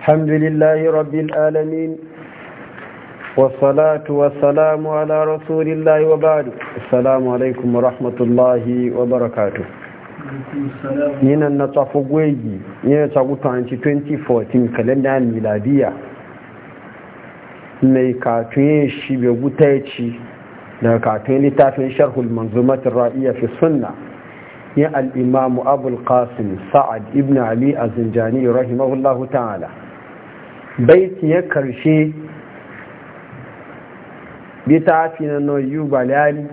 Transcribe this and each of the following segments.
الحمد لله رب العالمين والصلاة والسلام على رسول الله وبعد السلام عليكم ورحمة الله وبركاته yana na tafi gwegi yana 2014 kalendar miladiya mai katun shi bai guta ya ci daga katun littafin sharhul manzumatin ra'iya fi sunna ya al'imamu abul qasim sa'ad ibn ali a zinjani ta'ala baiti ya karshe fi na noyu bayani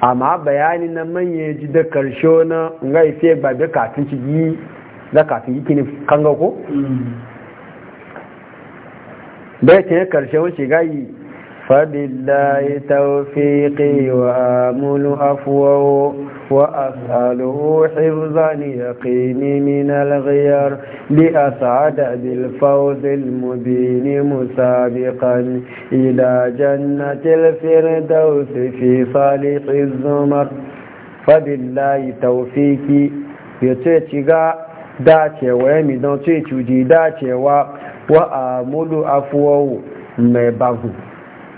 amma bayani na manya ji da karshe na nga ife ba da kafin ci yi da kafin yi kini kanga ko mm. baiti ya karshe wani shiga yi فبالله توفيقي وآمل أفوه وأسأله حفظا يقيني من الغير لأسعد بالفوز المبين مسابقا إلى جنة الفردوس في صالح الزمر فبالله توفيقي يتشغى dacewa ya mi don ce cuji dacewa wa amulu afuwa mai bagu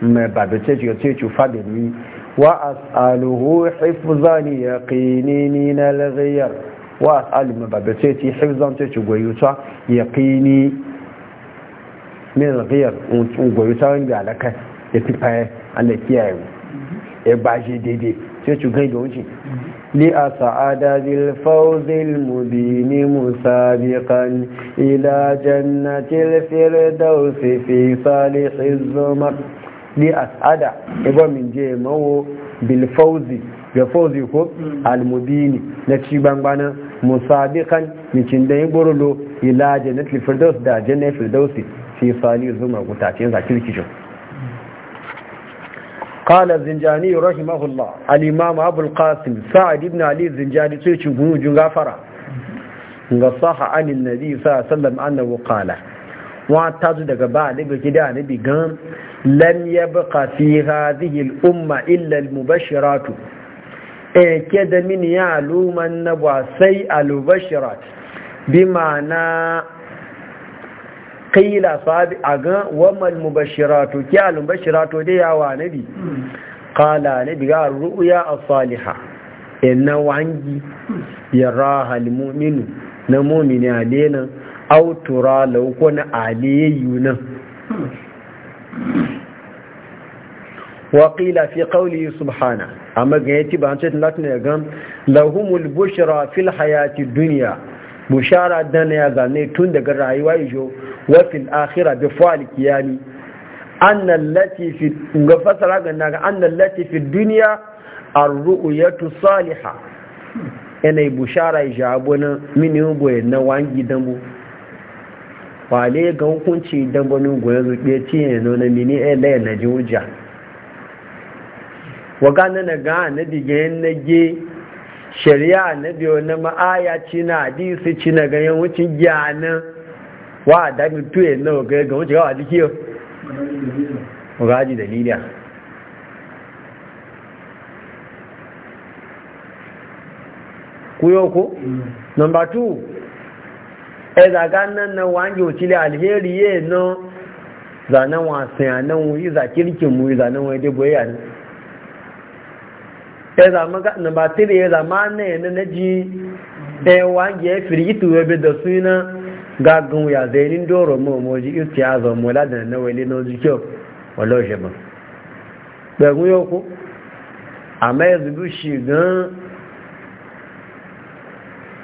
mai babace ce ce cufa da ni wa as'aluhu hifzani yaqinini na laghiyar wa as'alu mai babace ce hifzan ce goyuta yaqini min laghiyar goyuta wanda alaka ya fi faye Allah kiyaye mu ya baje daidai ce ci gai da wuce لأسعد بالفوز المبين مسابقا إلى جنة الفردوس في صالح الزمر Ni as'ada ibo e min je mawo bil fawzi ga fawzi ko mm. al mubini na ci bangbana musabiqan min cin da yiboro lo ila jannat firdaus da jannat al firdaus fi sali zuma guta ce za ki kijo qala zinjani rahimahullah al imam abul qasim sa'id ibn ali zinjani sai ci gungu gafara ga saha an annabi sallallahu alaihi wasallam annahu qala wọ́n tazu daga ba níbi gida níbi gan lam yabqa fi hadhihi al-umma illa al-mubashirat eh da min ya aluman nabwa sai al-mubashirat bima'ana qila sahabi aga wa mal mubashiratu ki alubashiratu mubashiratu dai ya wa níbi qala nabi ga ru'ya saliha? salihah inna wangi yaraha al-mu'minu na mu'mini alena autura lauko na aliyu nan waƙila fi ƙauli subhana amma ga yati ba hancin latin ya gan lahumul bushra fil hayati duniya bushara dan ya zane tun daga rayuwa ijo akira fil akhirah ya ni. An annal lati fi ga fasara ga naga annal lati fi dunya ar-ru'yatu salihah yana bushara ijabuna min yubo na wangi dambu wale ga hukunci don banin goya zuɓe cinye nuna mini a eh, laye na ji hujja waga na na ga na digayen na ge shari'a na biyo na ma'aya ci na hadisi ci na ganyen wucin gyana wa a dami tuye na waga ga wuce gawa jiki yau waga ji dalila kuyo ku? Mm. number two e zaga nan nan wange wucile alheri ye eno zanen wasan ya nan wuri za kirkin mu zanen wuri dai boye n'i e zama ga ma ba tire ya e wange ya firgitu ya bi da suna gagun ya zainin doro mu moji istiya zo mu na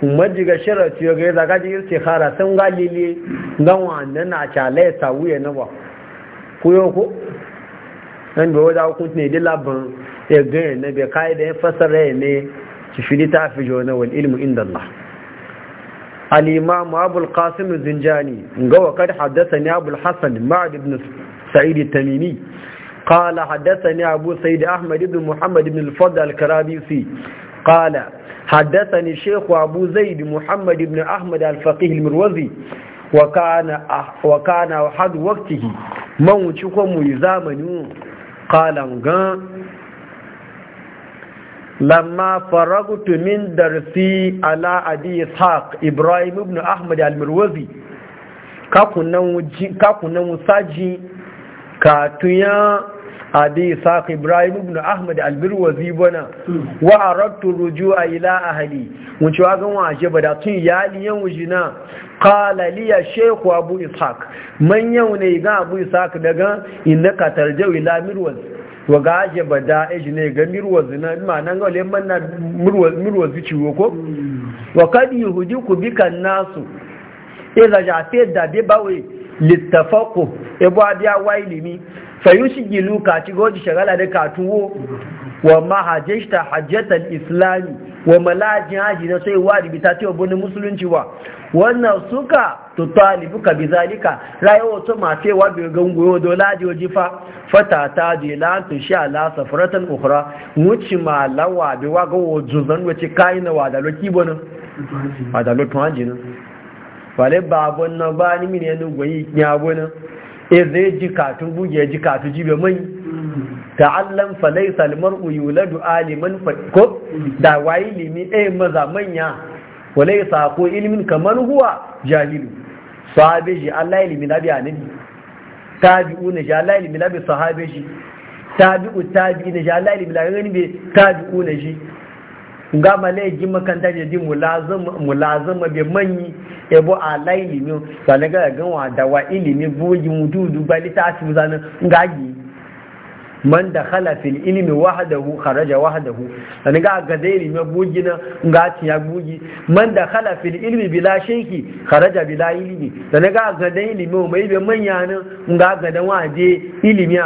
mọ́jí ga ṣíra tí ó gẹ́ zagají ń ti hara tí ń ga lílé náwọn àdán àti alẹ́ ìtàwú ẹ̀ náwà kúyọ́kú ẹni bẹ̀wọ́ dá okun tí èdè lábọn ẹgbẹ́ ẹ̀ náà bẹ káyẹ̀dẹ́ fẹ́sẹ̀rẹ́ ẹ̀ ní ti fi níta fi jọ náà wọn ilmu indala alimamu abul qasim zinjani ga wa kad haddathani abul hasan ma'ad ibn sa'id tamimi qala haddathani abu sa'id ahmad ibn muhammad ibn al-fadl al-karabisi qala حدثني الشيخ أبو زيد محمد بن أحمد الفقيه المروزي وكان وكان أحد وقته من وشكم زامن قال لما فرغت من درسي على أبي إسحاق إبراهيم بن أحمد المروزي كاكونا وساجي كاتويا abi saq ibrahim ibn ahmad albirwazi bana wa aradtu rujua ila ahli mun ci wagan waje bada tun yali yan wujina qala li ya shaykh abu ishaq man yau ne ga abu ishaq daga innaka tarjau ila mirwaz wa gaje bada ejine ga mirwaz na ma nan ga le manna mirwaz mirwaz ciwo ko wa kad yuhdiku bika nasu idza ja'ta da bi bawi litafaqqu ibu e adiya wa ilimi fayushi gilu kati goji shagala da katuwo wa mahajjata hajjatar islami wa malajin haji na sai wadi bi ta yabon musulunci wa wannan suka to talibu ka bizalika rayuwa to ma sai wa bi gangoyo do laji waji fa fata ta je la to sha la safaratan ukhra muci ma lawa bi wa ga wajuzan wace kai na wada loki bonin wa da wale babon na ba ni ne goyi ya bonin e zai ji katun buge ji katu jibe mai ta'allam fa laysa al-mar'u yuladu aliman fa ko da wayi limi ɗaya maza manya wa laysa ko ilmin kamar huwa jahilu sahabe shi Allah ilimi na biya nabi tabi'u na ji Allah ilimi na bi sahabe shi tabi'u tabi'i na ji Allah ilimi na bi tabi'u na ji. gama na yi makanta e ne di mulazama bai manyi yabo a lai ilimi sani ga ganwa da wa ilimi gogi mutu duba littafi zana gagi man da halafin ilimi wahadahu kharaja wahadahu sani ga ga da ilimi gogi na gati ya gogi man da halafin ilimi bila sheki kharaja bila ilimi sani ga ga da ilimi mai bai manya na ga ga wa waje ilimi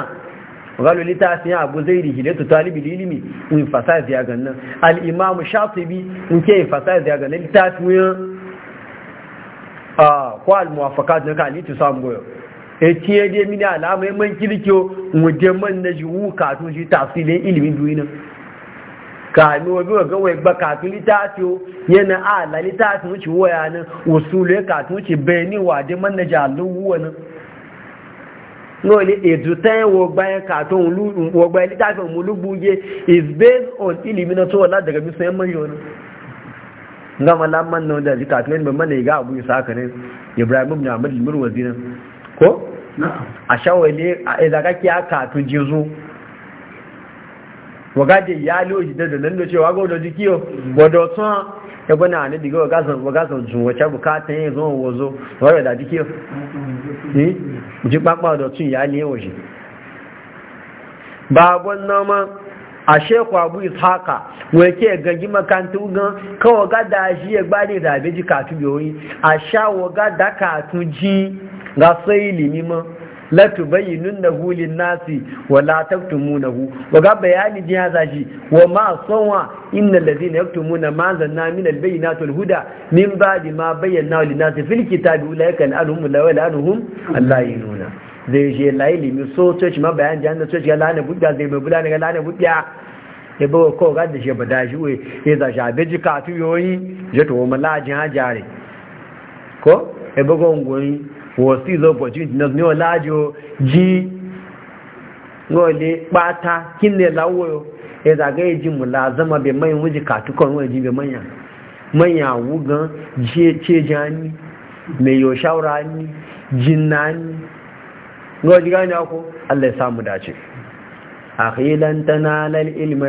galo ni ta sinya abu zai rihile to talibi lilimi in fasa ziya ganna al'imam shatibi in ke in fasa ziya ganna ta tuyin a kwa al-muwafaka na ka alitu samun goyo e tiye de mini alama e man kilikyo muje man na ji wu katun ji tafsilin ilimin duniya ka ni wo bi ga wai ba katun litatio yana a la litatio ci waya nan usule katun ci beni wa de man na ji lu wu na. náà ni ètò tẹ́yìn wọgbà yẹn kàtó wọgbà yẹn títà fún olúgbù yẹ is based on ilimina tó wà daga bí sọ ẹmọ yọ ni nga ma lamman nan da zika tunan ban mana ga abu isa kanin eh. ibrahim ibn ahmad limir wazina ko a shawale a eh, zaka ki aka to jizo waga de ya loji da nan da cewa mm. ga da jikiyo bodo ya bana ne diga ga san ga san jun wacha bukatan yin zo wozo wara da dike eh ji papa e da tun ya ne waje babon nama a shekwa abu ishaka wake gangi makanta ugan kawo ga da shi ya gbani da abeji katu biyoyi a sha wa ga da katu ji ga sai ilimi ma la tubayyinunahu lin-nasi wa la taktumunahu wa ga bayani din ya zaji wa ma sawa innal ladhina yaktumuna ma zanna min al-bayyinati wal-huda min ba'di ma bayyana lin-nasi fil kitabi ulaika al-anhum la la'anuhum allayinuna zai je laili mi so church ma bayan jan da church ga lana budda zai mai budda ga lana budda ya bawa ko ga da shi shi, we ya za sha beji ka tu yoyi je to mala jin hajare ko e bago ngoyi for seize opportunity náà ní ọlájò jí rọ̀lẹ́ pátá kí lè láwọ́ ẹ̀dàgẹ́ ìjìmù láàzọ́mà bẹ mẹ́yìn wọ́n jí kàtúkọ̀ wọ́n jí bẹ mẹ́yìn mẹ́yìn àwú dace akhilan tanalal ilma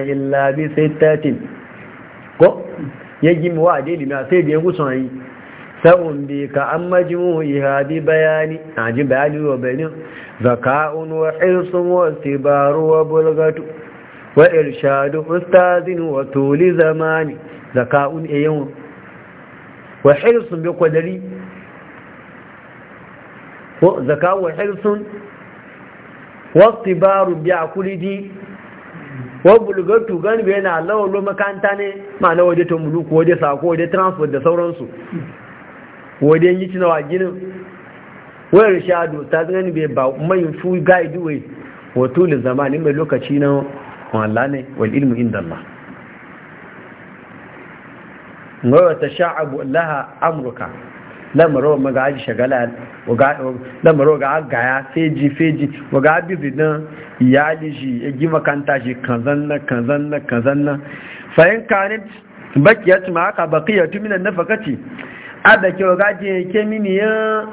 ko wa sai biyan gusan yi sa'un bi ka an majmu'i hadi bayani a ji bayani wa bayanin zaka'un wa hirsun wa sibaru wa bulgatu wa irshadu ustazin wa tuli zamani zaka'un e yawan wa hirsun bi kwadari zaka'un wa hirsun wa sibaru bi a wabulgatu gani bai na lawan lo makanta ne ma na waje ta muluku waje sako waje transport da sauransu wajen yi cinawa ginin wayar shadu ta gani bai ba mai fu guide way wato le zamani mai lokaci na Allah ne wal ilmu inda Allah ngoro ta sha'abu laha amruka lamaro maga aji shagala lamaro ga gaya feji feji waga bibi na iyali shi ya gima kanta shi kanzan na kanzan na kanzan na bakiyat ma aka bakiyatu min an-nafaqati ada ke ya ke mini ya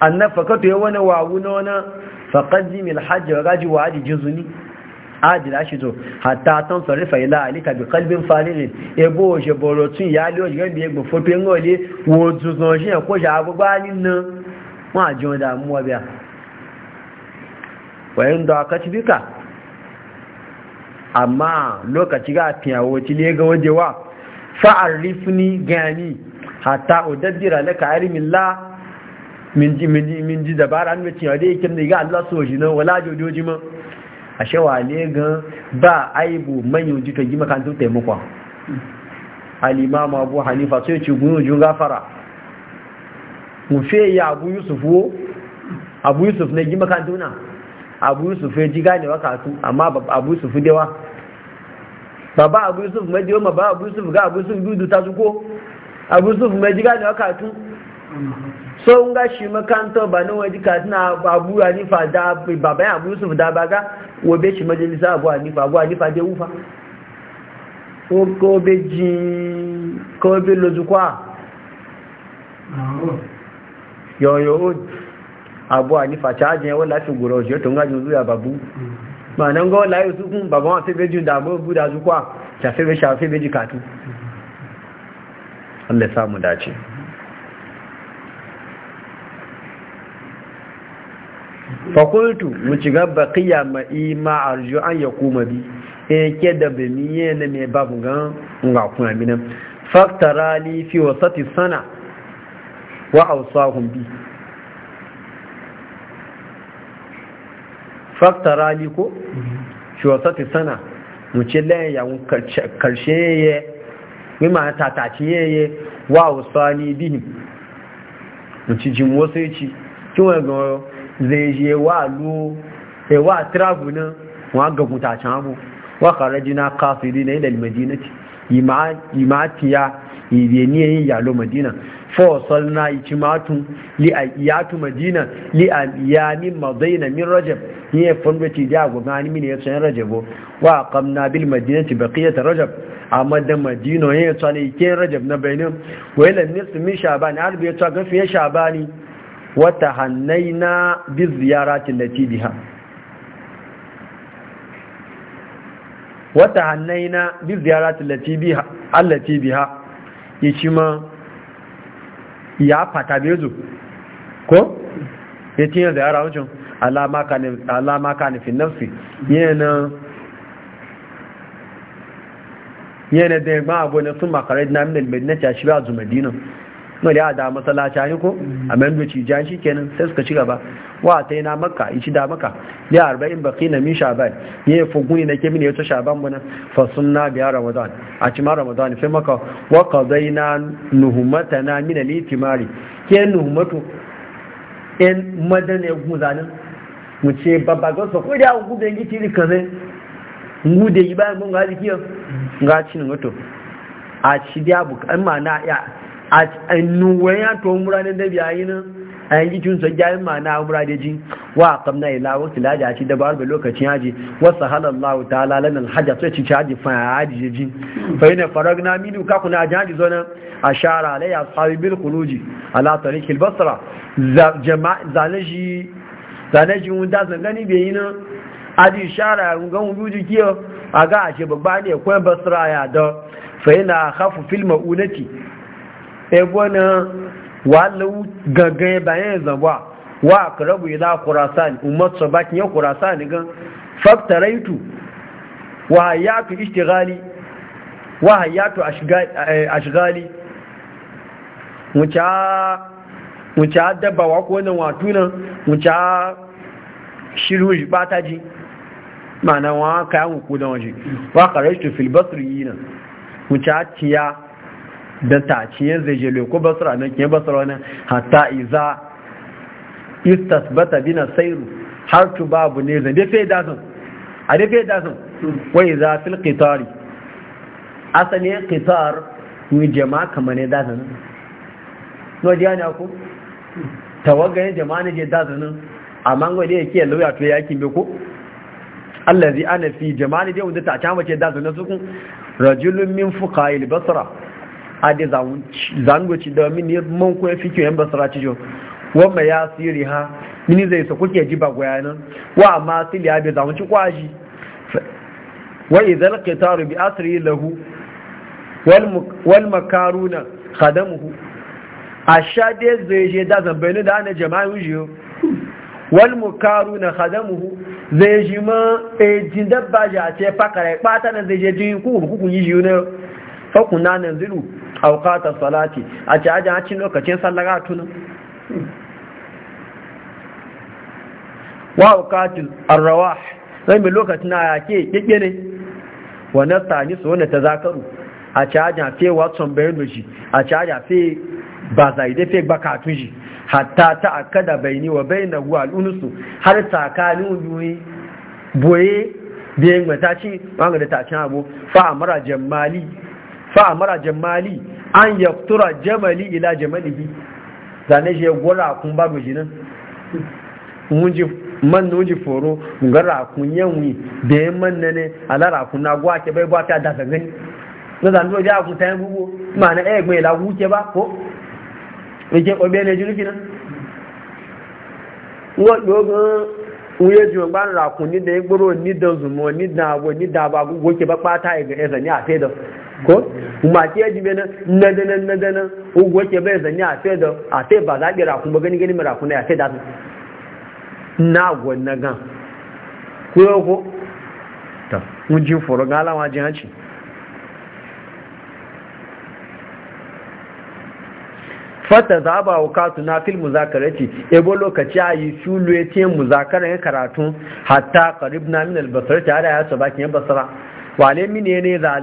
an-nafaqatu ya wani wawu na wani faqadim al-hajj wa gaji wa ni. juzuni aji da shi zo hatta tan sarifa ila alika bi kalbin farid ebo je borotun ya le oje bi egbo foto ngole wo zuzun shi ko ja agba ninu wa ajo da mu wa biya aka ci akatibika amma lokaci ga fiyawo ci ne ga wajewa fa'arrifni gani hatta udaddira laka armilla min ji min ji min ji dabara an mace wa dai kin ga Allah so shi nan wala jojoji ma ashe ne ga ba aibu man yuji to gi makan taimakon. taimako al Abu Hanifa sai ci gunu jun gafara mu fe ya Abu Yusuf wo Abu Yusuf ne gi makan tuna Abu Yusuf ya ji gane wa kasu amma Abu Yusuf dewa bàbá Abu Yusuf mẹ́jì ó bàbá Abu Yusuf ga Abu Yusuf dúdú ta tukó Abu mẹ́jì ga ní ọkà tún so ń gá ṣe makanta ba ní wọ́n jíka tí na Abu Hanifa da bàbá Abu Yusuf da bá ga wọ́n bẹ́ ṣe mẹ́jì lisa Abu Hanifa Abu Hanifa dé wúfa kó bẹ́ jìn kó Abu Hanifa ṣáájẹ́ wọ́n láti gbòrò òṣèlú tó ń gájú ma nan ga wallahi su kun baba wa sai bejin shafe be shafe beji katu Allah ya dace fakultu mu ci gaba kiyama ima arju an ya kuma bi in e ke da bami yana mai babu gan sana faktara ni ko mm-hmm. shi wasa ti sana mu ce laye yawon karshe ya mima tataci ya yi wa usani bihi mu ci jin wasu ya ci kiwon ga zai je wa lo ya e wa travel nan wa ga gutacen abu wa kharajina qasirina ila al-madinati ima'atiya ibiyaniyin yalo madina fawasal na li a iyatu madina li li'ayyami madaina min rajab ni ya fanda ci da agogo an mini ya tsayin rajabo wa a qamna bil madinati ta rajab A madan madina ya tsane ke rajab na bainin wa ila nisfi min shaban arbi ya tsa gafi shabani wa tahannaina bi ziyara ta lati biha wa tahannaina bi ziyarati lati biha allati biha yace ma ya fata bezu ko ya tinya da yara wajen alama ka nufin nafsi yana yana da ma abu na sun makarai na mil medina ta shi ba zumadina wadda ya da matsalaci ko a mendoci jan shi kenan sai suka ci gaba wa ta yana maka ishi da maka ya arba'in baki na min shaban ya yi fuguni na ke mini yato shaban muna fasun na biya ramadan a cima ramadan fi maka wa zai na nuhumata na mina litimari ke nuhumatu in madana ya guzanin mu ce ga sa ko da gudun gitiri kazai da yi bayan mun gaji kiyo ga cin mutu a ci biya bukan na ya a nuwayan to muranin da biyayi nan a yanki cin sa gyayin ma'ana amura da ji wa kamna ila wasu laja ci da bar lokacin haji wasu halallahu ta'ala lana alhaja sai ci haji fa haji da ji fa yana faragna minu ka kuna haji zona ashara alayya ashabi bil khuruji ala tariq al basra jama'a zalaji zalaji mun da zan gani bai yana haji shara mun ga mun buji kiyo aga ashe babba ne kwan basra ya da fa yana khafu fil maunati e bona walau gaggaye bayan zaba wa ya akrabu ila khurasan ummat sabakin ya ni gan faktaraitu wa hayatu ishtigali wa hayatu ashigali. mucha mucha dabba wa ko nan watu nan mucha shiru ji ma'ana wa kayan hukudan waje wa qarashtu fil yi nan a tiya da taciyar zai jelo ko basura nan ke basura wani hatta iza bi bina sairu har tu babu ne zan dafe da sun a dafe da sun wai za fil qitari asali qitar ni jama'a kamar ne sun no ji ana ku tawagayen jama'a ne je dazun amma ngwa dai yake lauya to yakin be ko allazi ana fi jama'a ne da wanda ta ta mace dazun su kun rajulun min fuqa'il basra hadi zangoci da mini man kuma fi yan basara cijo wamma ya siri ha mini zai sa kuke ji ba goyanan wa amma sili ya bai zangoci kwaji wa idan qitaru bi asri lahu wal makaruna sha ashade zai je da zambaini da ana jama'in jiyo wal mukaruna khadamuhu zai ji ma ejin dabba ja ce fakare pata na zai je jin ku ku yi jiyo fakuna nan zilu aukatar salati a ci ajin hacin lokacin sallara tunan wa aukatul arrawa zai mai lokacin a yake ƙiƙe ne wane tani su wane ta zakaru a caja ajin fe watson biology a ci ajin fe ba zai da ba katun shi hatta ta akada bayani wa bayna wa al'unusu har tsakanin biyu boye biyan mataci wanga da tacin abu fa jammali fa amara jamali an yaftura jamali ila jamalihi zane shi gora kun ba goji nan munji man no ji foro ngara kun yanwi da yan man ne alara akun na gwa ke bai ba ta da gani na zan do ja ku ta bubu ma na eh mai la wuce ba ko ke obe ne junufi nan wo dogon uye ji ba ra kun ni da igboro ni da zumo ni da awo ni da ba gwo ke ba pata ga ezani a sai ko mace yaji mena na dana na dana ugwa ke bai zanyi a sai da a sai ba zaɓi rakun ba gani gani mara kuna ya sai da na gwanna gan ko yau ko ta ji foro ga alawa ji hanci fata za ba wa katu na fil muzakarati, ce ebo lokaci a yi shulu ya ce muzakarar ya karatu hatta karib na min albasar ta hada ya saba kin basara wale mini ne zal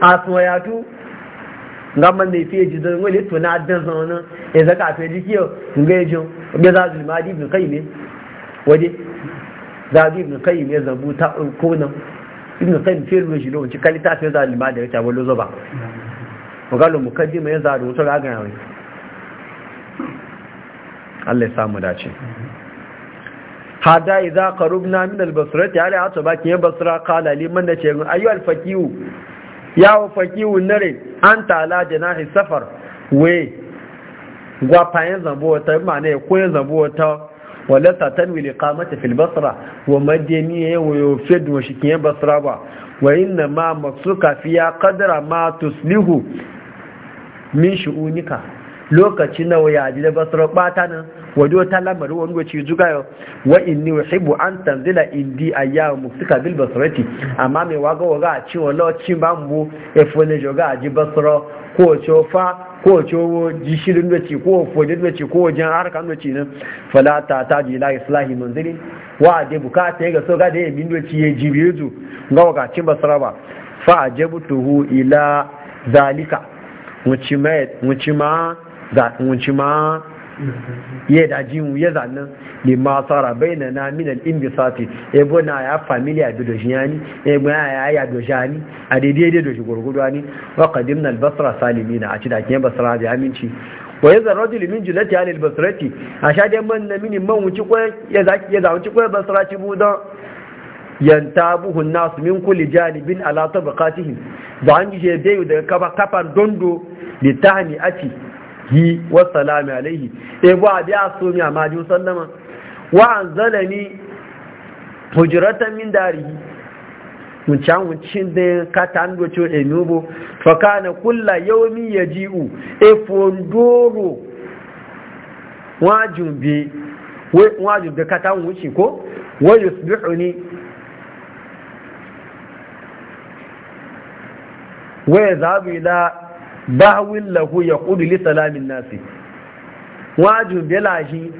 a soyatu gamban da fiye ji zan wale to na adan zaune ya zaka fiye ji kiyo ga yajin e ga za su limadi ibn kai ne waje za su ibn kai ne zabu ta ko nan ibn kai fiye ruwa shi lokacin kalita fiye za limadi ya tabo lozo ba magalo mukaddima ya zaru to ga gana wani Allah ya samu dace hada idza qarubna min al-basrati ala atbaki basra qala liman da ce ayu al-faqihu ya wa fakiwun nare an tala janahi safar gwapa yin zambo wata mana ya koyan zambo wata walata tanwi liqamati fil basra wa madaniya wa da wa shikiyan basra ba wa inna ma masu kafiya kadara ma tuslihu min shu'unika lokacin na waya ji da basra bata nan wajo ta lamar wani wace juga yau wa ni uhibbu an tanzila indi a ayya muftika bil basrati amma mai waga waga a cewa lokaci ba mu e ne joga ji basra ko cofa ko ji shirin wace ko fodin wace ko wajen harkar wace nan fala ta ta ji la islahi manzili wa de bukata ya ga so ga da ya min wace ya ji ga waga cin basra ba fa ajabtuhu ila zalika mucima ma za kunci ma ya da jiwu ya zannan ne ma tsara bai na na minal imbisati ebo na ya familiya da doshi ya ni ebo na ya ya doshi ya ni a daidai da doshi gurgudu ya ni wa kadim na albasra salimi na a ci da kiyan basra da aminci wa ya zarra da limin jilati ya lil basrati a sha dai man na mini man wuci kwayan ya zaunci kwayan basra ci budan yantabuhu nasu min kulli janibin ala tabaqatihim da an ji je daga kafa kafan dondo litani aci? yi wasalami alaihi ebu abi asumi amadi sallama wa ni hujratan min darihi mun can wucin da ka ta ndo cho enubo fa kana kulla ji u. e fondoro wajin bi katan da ko? ta wuci ko wa yusbihuni wa yadhabu ila bawin lahu ya kudu li salamin nasi waju bela shi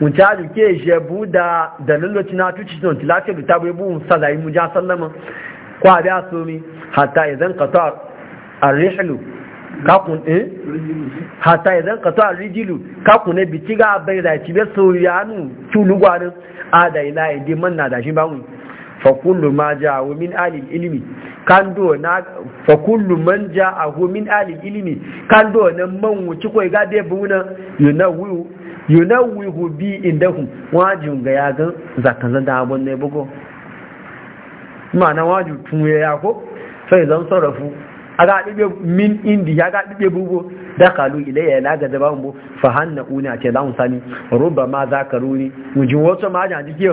mun ta duke shi buda da lalaci na tuci don tilaka da ta bu salai mu ja sallama ko abi asumi hatta idan qata ar-rihlu ka kun eh hatta idan qata ar-rijlu ka kun bi tiga bai da ci be soyanu tulugwanin ada ila idi manna da shi bawun fakullu ma ja'ahu min alil ilmi kan do na fakullu man ja'ahu min alil ilmi kan do nan man wuci koi ga de na yunawu yunawu bi indahum wajin ga ya ga zakan zan da abun ne bugo ma'ana waju tun ya ko sai zan sarrafu aga dibe min indi ya ga dibe bugo da kalu ilayya la ga da bambo fa hanna una ce lan sani rubba ma zakaruni mujin wato ma jan dike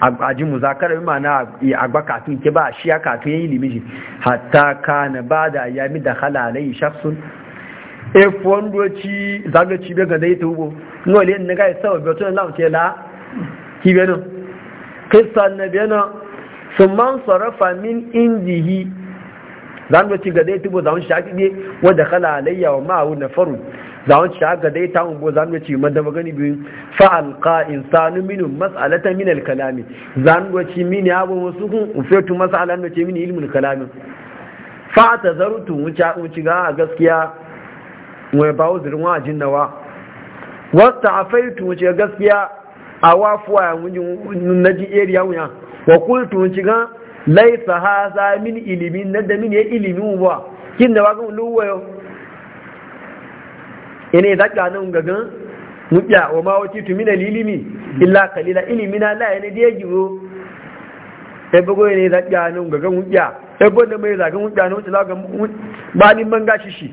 aji muzakara bi mana agba kafin ke ba shi ya kafin yayin limiji hatta kana ba da mi da khala alai shakhsun e fondoci zagaci be ga dai tubo no le ne ga sawa be to lawo ce la ki be no kissa na be no summan sarafa min indihi zandoci ga dai tubo zawon shaki ne wa da khala alayya wa ma'u faru. za wani haka dai ta umbo za ce mada magani biyu fa alqa insanu minu mas'alatan min al-kalami za mu ya ce mini abu wasu kun ufetu mas'alan da ce mini ilmul kalam fa tazartu zarutu wuce wuce ga gaskiya wai bawo zirin wa jinnawa wasta afaitu wuce gaskiya a wafuwa ya wujin naji area wuya wa kultu wuce ga laisa haza min ilimin nan da min ya ilimin ba kin da wagan luwayo ina za nan gagan mutiya wa ma wati tu min lilimi illa qalila ilimina la yana da yajibo sai bago ne za ka nan gagan mutiya sai gonda mai zagan mutiya ne wuce zaga ba ni man gashi shi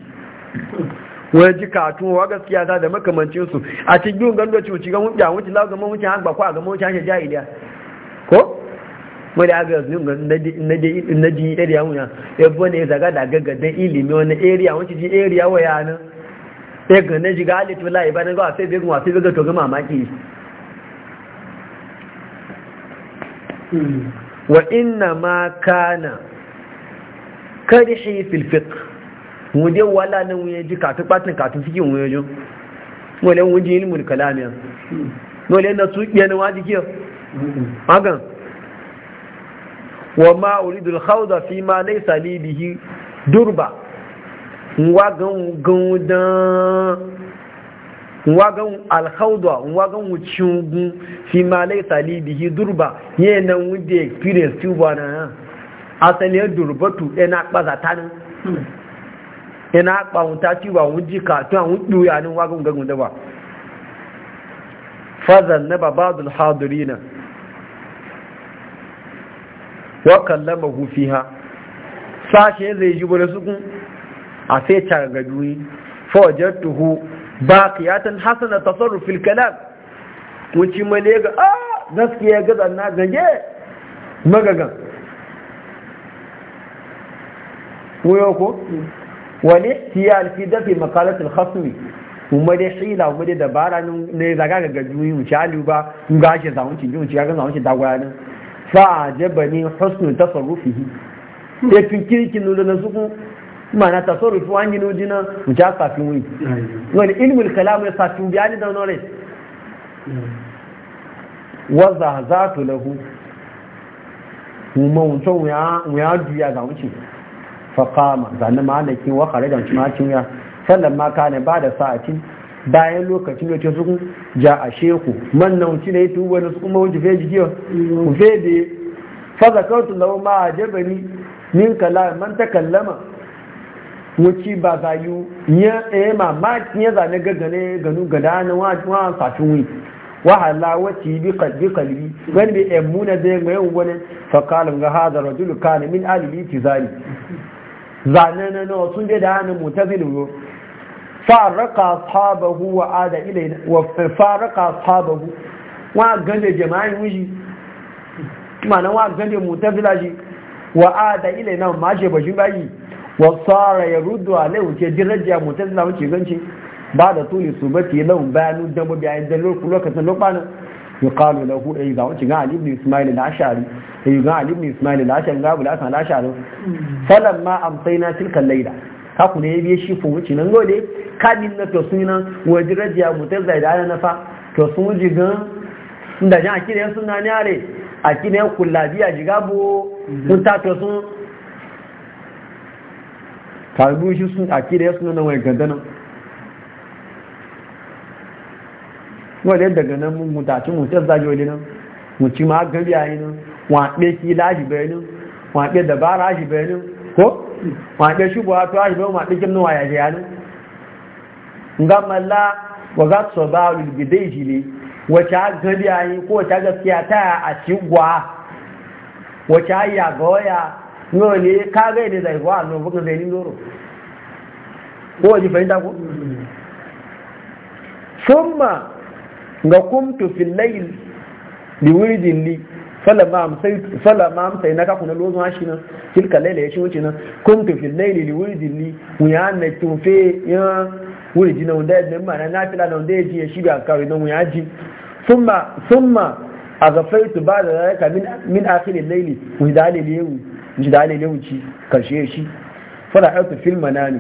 wani ji katun wa gaskiya za da makamancin su a cikin gando da wuce ga mutiya wata zaga mun wuce hangba kwa a ga mun wuce hanje jahiliya ko mai da aga zuwa na ji area wuya ya bane zaga da gaggadan ilimi wani area wuce ji area waya nan sai ga na jiga halittu la'i ba na gawa sai begun wasu biga to ga mamaki wa inna ma kana karihi filfik wuje wala nan wuye ji katun batin katun fikin wuye jo wale wuje ilmul kalamiya wale na su yana waji kiyo magan wa ma uridul khawda fi ma laysa li bihi durba wagan alhaudwa wagan wucin gun fi malai talibihi durba e na wunde experience tuba na ya asali durbatu yana kpaza tanin yana kpawunta tuba wunji katon wun duya ni wagan gagun da ba fazan na babadul hadurina wa kallama hufiha sashe zai ji wani sukun a sai caga duyi fa wajadtuhu baqiyatan hasana tasarruf fil kalam wuci male ga a ah, gaskiya ga zanna gange magagan wayo ko wani siya alfi dafi maqalat al kuma dai hila kuma dai dabara ne zaga ga gajuyi mu alu ba in ga shi zaun cin mu ci ga zamu cin dagwaya ne. fa ajabani husnu tasarrufihi ya tun kirkin nuna na suku mana tasarrufu an gino jina ja safi wuyi wani ilmul kalam ya safin biyani da nore waza za ta lahu kuma mutum ya juya ga wuce faƙama zanen malakin wakare da cimacin ya sannan ma ka ne ba da sa'atin bayan lokacin da ta su ja a sheku man na wuce na yi tuwa da su kuma wuce fe jikiyar ku da ya faza kawtun lauma ma a jabari min kala man ta kallama wuci ba za yi ya tsaye eh, mamaki ya zane gagane ganu gada na wa fashin wi wahala wacce bi kalbi kalbi wani bai ɗan muna zai mai wani fakalin ga hada rajulu kana min alibi ti zari zane na nawa sun je da hannu mu ta ziluro faraka sabahu wa ada ilai wa faraka sahabahu wa gande jama'in wuji ma'ana wa gande mu ta zilaji wa ada ilai na ma ce bashin bayi wasara ya rudu a laihu wuce jirajiya mutum na wuce ganci ba da tuli su ba ke laun bayanu dan ba bayan dan lokacin lokacin lokacin ya kalu na ku ayi eh, ga wuce ga ali ibn ismail da ashari ayi eh, ga ali ibn ismail da ashari ga bula san ashari falan ma amsayna tilka layla ka ku ne biye shi fu wuce nan gode kadin na to nan wa jirajiya mutum zai da na fa to sun wuce gan inda jan akire sunna ne are akire kullabiya jigabu sun ta to sun karbu shi sun da ya suna nan wani gandanan wadda daga nan mun mutaci mutar zage wani nan mutu ma gabi a yi nan waɗe kila shi bayanin waɗe dabara shi bayanin ko waɗe shi buwa to shi bayan waɗe kin nawa ya je yanin ga malla wa za su ba wa gidai shi ne wacce a gabi a yi ko wacce gaskiya ta a cigwa wacce a yi a ga waya no ne ka ga ne zai ba no bukan zai ni doro ko waje fahimta ko ga kumtu fil layl bi wuridin li falama amsaytu falama amsayna ka kuna lozo shi nan tilka ya shi wuce nan kumtu fil layli li wuridin li mu ya na tufe ya wuridi nan da ne ma na fila nan da ji ya shi bi akari nan mu ya ji summa summa aghfaytu ba'da dhalika min min akhir al-layli wa nci da alele wuci karshe shi fara aiki fil ne.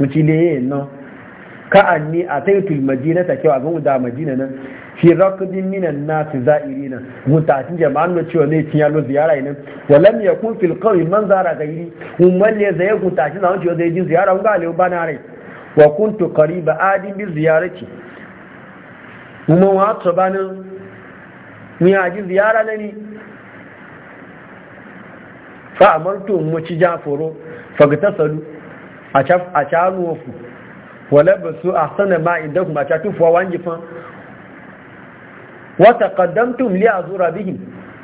wuci ne yayin nan ka ni a taitul madina ta kyau abin da madina nan fi rakudin minan na su nasu za'irina mutatin jama'an da cewa ne tinya yalo ziyara nan walam kun fil qawli man zara gairi Mun manne zai mutatin zaman cewa zai ji ziyara ga alewa na rai wa kun kuntu qariba adin bi ziyarati umman wa tabanin ni aji ziyara na ni. fa amartu mu ci jafuru fa ga tasalu a ca a ca nufu wala a ahsana ma indakum a ca tufuwa wangi fa wa taqaddamtum li azura bihi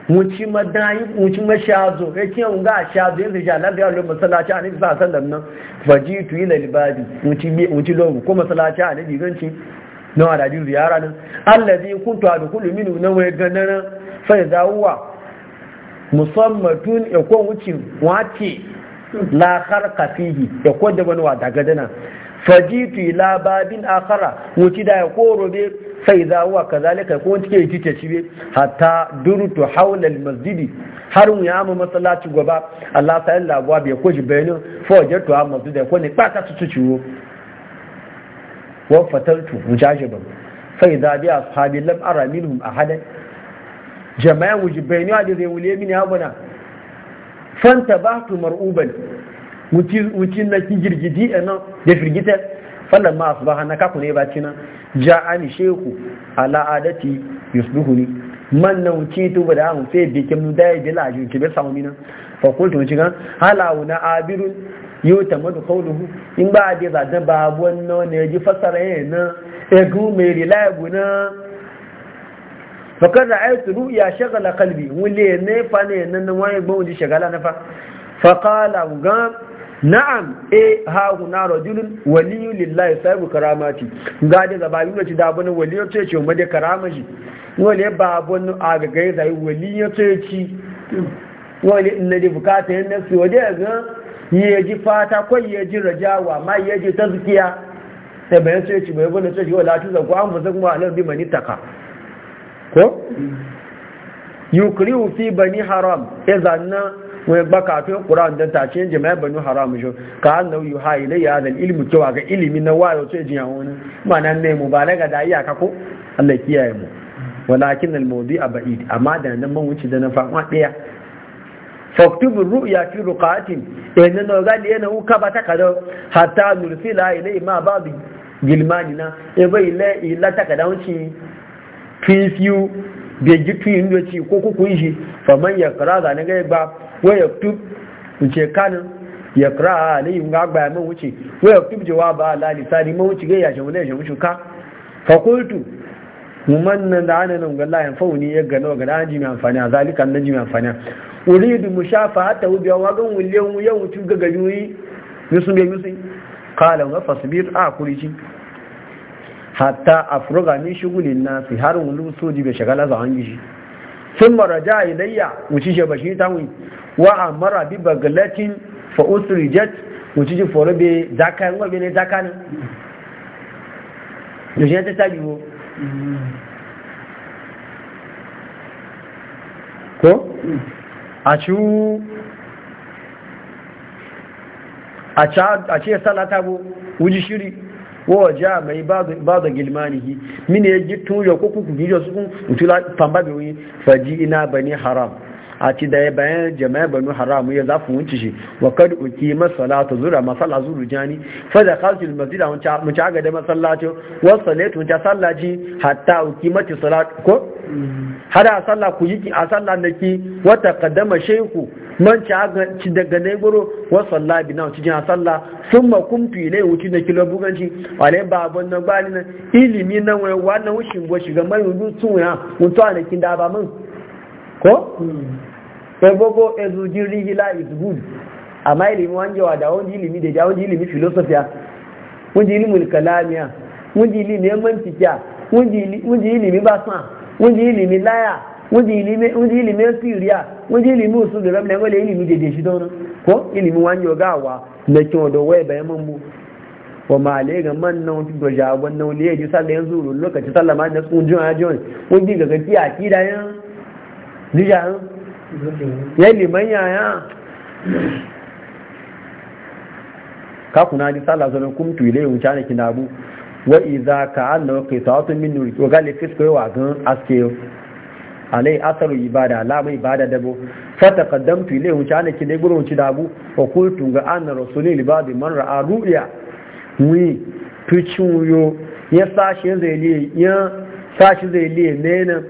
mu ci madayi mu ci mashazo yake yau ga shazo yanzu ja labi Allah masallaci a nabi sallallahu alaihi wasallam fajitu ila libadi mu ci mu ci lobu ko masallaci a ci ganci na wadadi ziyara nan allazi kuntu adkhulu lumini na waya ganana fa yazawa musammatun yakon wuce wace la harka fihi yakon da wani wada gadana fajitu ila babin akhara wuci da ya koro sai za wa kazalika ko wani take tice ci be hatta durutu hawla almasjidi har mu yamu masallaci gaba Allah ta yalla gwa be ko jibenu fo jatu a masjidi ko ne pata tutu ciwo wa fataltu mujajiban sai za bi ashabi lam ara minhum ahadan jama'an wujibai ne da zai wule mini abuna fanta ba tu mar'uban mutum na girgidi a nan da firgita falon ma ba hana kaku ne ba cina ja ani sheku ala adati ni. man na wuci to ba da hamu sai bikin da ya bila ajin kibe samu mina fa kultu wuce kan halawu na abirun yau ta madu kauluhu in ba a dai zaɗa ba wannan ne ya ji fasara yana egun mai rilabu na fakar da aitu ru'ya shagala kalbi wule ne fa ne nan wani gbon wuji shagala na fa faqala ga na'am e ha huna rajulun waliyu lillahi sahibu karamati ga da zaba yi da bana waliyu ce ce mu da karama shi wale babun agagai zai waliyu ce ci wani inna da bukata yin nafsi wade ga ji fata ko yaji rajawa ma ji tazkiya sai bayan ce ci bayan bana ce wala tuzan ko an fusa kuma alam bi manitaka ko yukriu fi bani haram ya zanna wai ba kafin Qur'an dan ta ce jama'a bani haram shi ka annau yuha ilayya da ilmu cewa ga ilimi na wayo ce jiya wani mana ne mubalaga da iyaka ko Allah kiyaye mu wani walakin al-mawdi'a ba'id amma da nan man wuce da na fama ɗaya. daya faktubu ya fi rukatin, ruqatin na eh, nagali yana uka bata kada hatta nursila ilayhi ma ba'd gilmanina e bai la ila takada wuce fifiyu bai ji tuyin da ci ko kukun shi faman ya kira ni gai ba waya tub wuce kanin ya kira a alayin ga gbaya man wuce waya tub jawa ba ala lisani man wuce gai ya shi wani ya shi wuce ka fakultu mumman nan da ana nan galla yan fauni ya gano ga an ji mai amfani a zalikan na ji mai amfani uridu mushafa hatta ubiya wa gan wulle mu yau tu ga gayuyi yusun ga yusun qala wa fasbir a kurici hatta afruga min shugulin nasi har wulu soji bai shagala za an gishi sun maraja ilayya wuci shi bashi ta wi wa amara bi baglatin fa usrijat wuci ji foro be daka ngwa be ne daka ne yo je ta tabi wo ko a ci a a ce salata bu wuji shiri wọ́n ja mai ba da gilmanihi mini ya gitu ya kuku ku gijo su kun mutula famba bi wani faji ina bani haram a ci da ya bayan jama'a banu haram yẹ zafi wunci shi wa kad uki masalatu zura masala zuru jani fa da khalqil masjid mun ci aga da masallacin wa salatu ta sallaji hatta uki mati salat ko mm. hada sallah ku yi a sallah naki wata taqaddama shehu man ci aga ci daga ne goro wa sallah bi na jina sallah sun ma fi ne wuci da kilo buganci wale babon na gbani na ilimi na wa wannan wushin bo shiga mai wudu tun ya to a kin da ba mun ko ebogo ezujin rigila is good amma ilimi wa da wani ilimi da jawon ilimi filosofiya wani ilimi kalamiya wani ilimin mantikiya wani ilimin basan wani ilimin laya wunji ilimin siriya wunji ilimin usul da rabin ilimi daidai shi daunin ko ilimin wani gawa na kyau da waya bayan mambu wa male ga man nan da jagon nan ne ji sallah yanzu lokaci sallah ma da tsun jin ajon wunji ga gafi a kida yan dija ya liman yaya ka kuna kumtu min nur wa gal fisko aske alai asaru ibada la mai ibada dabo fata kaddamtu ilai wuce ana kine gurun ci dabu fa qultu ga anna rasulil libadi man ra'a ru'ya wi tuchuyo ya sashi zai liye ya sashi zai liye nena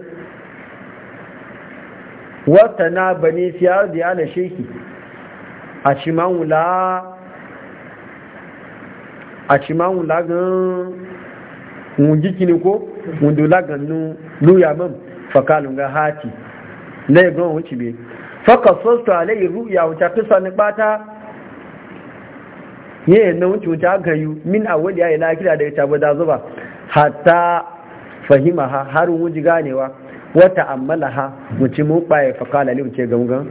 wata na bane fiya da ala sheki a ciman wula a ciman wula gan wujikini ko wundula gannu luya mamu fakalun ga hati na ya gwan wuce be fakasosto alayi ru'ya wuce fisa ni bata yi na wuce wuce aka yi min a wadi ya yi lakira da ita tabo da zuba hatta fahima ha har wuji ganewa wata ammala ha wuce mun kwaye fakala ne wuce gangan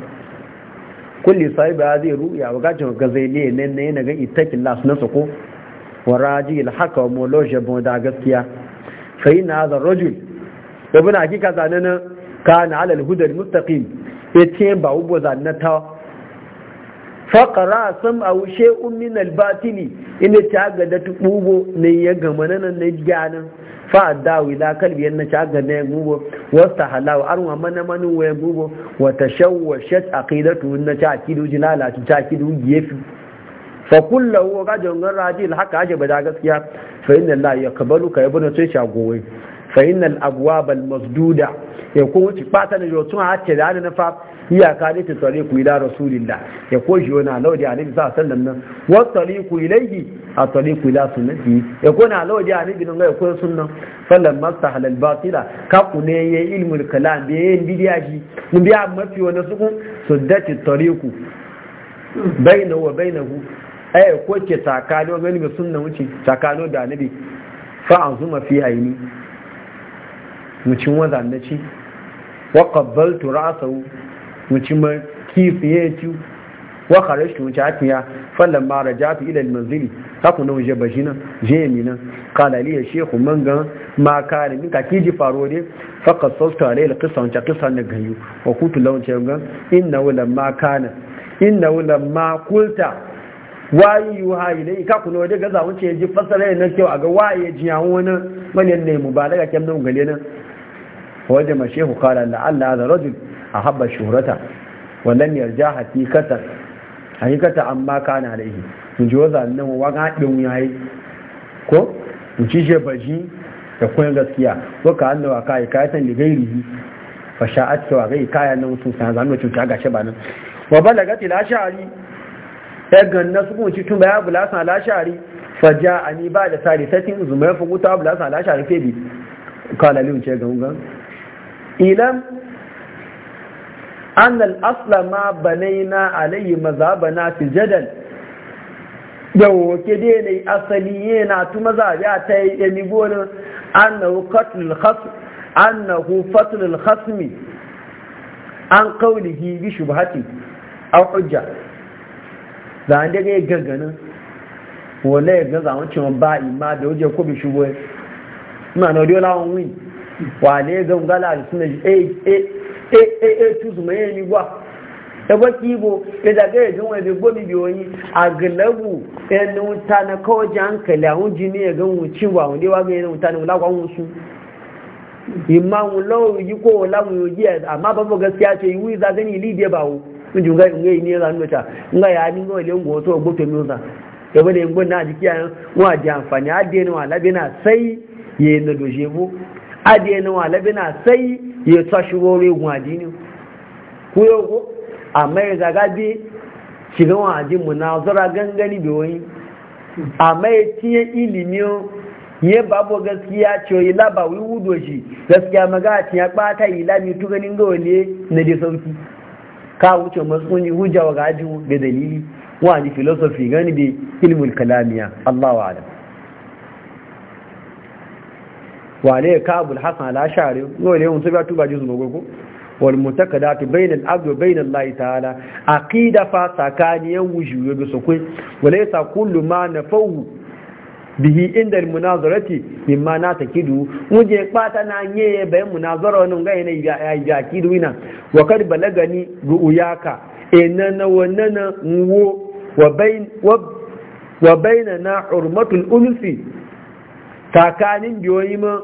kulli sahibi ya zai ru'ya wa gajin ga zai ne nan ne na ga itakin las na sako wa raji alhaka wa moloje bon da gaskiya fa ina hadha rajul ibn hakika na kana ala al-huda mustaqim yace ba ubo ta faqara sam aw shay'un min al-batili ina ta ga da tubo ne ya gama nan na gyanan fa dawi la kalbi yan ta ga ne gubo wasta halaw arwa mana manu wa gubo wa tashawwashat aqidatu na ta akidu jilala ta akidu gefi fa kullahu rajulun rajil haka aje bada da gaskiya fa inna la ka ibnu sai shagowai fa'inan abuwaɓal masduda ya kuma ci fata na jotun a ce da na fa iyaka da ta tsari ku ila rasulillah ya ko shi wani alaudi a nabi sa sallan nan wasu tsari ku ilaihi a tsari ku ila sunnati ya ko na alaudi a nabi nan ga ya ko sunnan sallan masta halal batila ka ya yi ilmul kalam da ya yi bidiya shi mun biya mafi wani suku su da ci tsari ku bainahu wa bainahu ai ko ke tsakani wa gani ga sunnan wuce tsakani da nabi fa zuma fi aini mucin waza na ci wa qabbaltu ra'sahu mucin ma ci wa kharajtu mucin atiya falamma rajatu ila al-manzili haku na waje bashina jemi nan kala liya shehu man gan ma kare min ka kiji faro ne faqad sawtu alayhi al-qissa wa qissa na gayu wa kutu lawan ce gan inna wala ma kana inna wala ma kulta wayi yuha ilai ka kuno waje gaza wuce ji fasara ne kyau ga waye jiyan wani wani ne mubalaga nan gale nan wajen mashehu kala la'alla hada rajul a habba shuhrata wallan yarja hakikatan hakikata amma kana alaihi in ji waza nan wa ga haɗin yayi ko in ci je baji da koyon gaskiya ko ka hannu wa kai kayatan da gairi fa sha'at wa gai kaya nan sun san zanu cuta ga shi ba nan wa balagat ila sha'ari ya ganna su ci tun baya bulasan ala sha'ari fa ja'ani ba da sarisatin zumai fa guta bulasan ala sha'ari fe bi kala lin ce gangan idan an al'asla ma banaina alayhi bana fi jadal Da woke dai asali yana tu maza ya ta yi yani gonin annahu qatlul khasm annahu fatlul khasmi an qawlihi bi shubhati a hujja da an daga gaganin wane ya ga zaman ba'i ma ima da wajen ko bi shubhai ina na lawan wani wale ga ngala suna eh e eh eh, eh, eh, eh tuzu mai ni gwa da baki bo ya daga ya jin wani gobi biyoyi a galabu ya na wuta na kawaje hankali a ne ya gan wuci ba wunde wa gani na na wula kwan wusu imma wula yi ko wula amma babu gaskiya ce libya ba ya adiye na walabi na sai ya tashi wuri aji ne ku yau ko amma ya zaga bi shiga wajen mu na zura gangani bi wani amma ya tiye ilimi ye babu gaskiya ce yi laba wi wudo shi gaskiya maga ya bata yi lami tu ganin ga wani na da sauki ka wuce masuni hujja wa gajin da dalili wani filosofi gani bi ilmul kalamiya Allahu a'lam wale kabul hasan al-ashari wale mun tuba tuba juzu magoko wal mutakadatu bainal abdi wa bainal lahi ta'ala aqida fa wuju yo bi sokwe wale sa kullu ma nafawu bihi inda munazarati mimma na takidu muje kwata na nye be munazara wannan ga yana ya kidu ina wa kad balagani ru'yaka inna wannan nwo wa bain wa bainana hurmatul unsi takanin biyoyi ma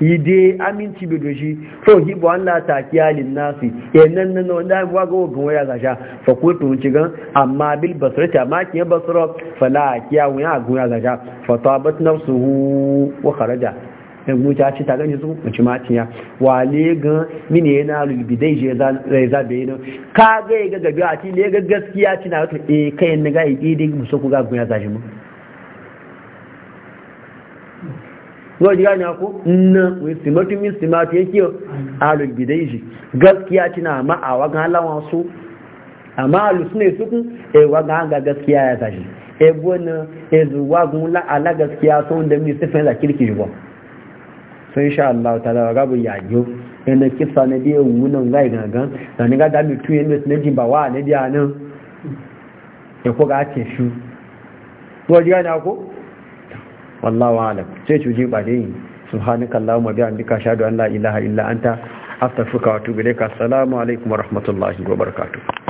yi dai aminci bi doshi so hi bo an lata kiyalin nasi yannan e, nan nan wanda an waga ogun waya gasha fa ko to ci gan amma bil ta ma kiyan basra fala kiya wa ya gun ya gasha fa tabat nafsuhu wa kharaja dan e, mu ta ci ta gani su mu ci matiya wale gan mine yana lul dai je za be no ka ga e ga gabi a ti le ga gaskiya ci na to eh kai ne ga yi dai mu so ku ga gun ya gashi mu zuwa ji gani ko na musulmatu min simatu yake alul bidaiji gaskiya tana ma a wagan halawa su amma alul suna su kun e wagan ga gaskiya ya tashi e bona e zuwa gun la ala gaskiya sun da mi sifin la kirki ba so insha Allah ta'ala ga bu yayo ina kisa na biye wunan gai gangan da ni ga da mi tuye ne ne ji ba wa ne dia nan e ko ga ce shu zuwa ji gani ko wallahu alam sai cuji ba dai subhanaka allahumma bihamdika ashhadu an la ilaha illa anta astaghfiruka wa atubu ilaik assalamu alaikum wa rahmatullahi wa barakatuh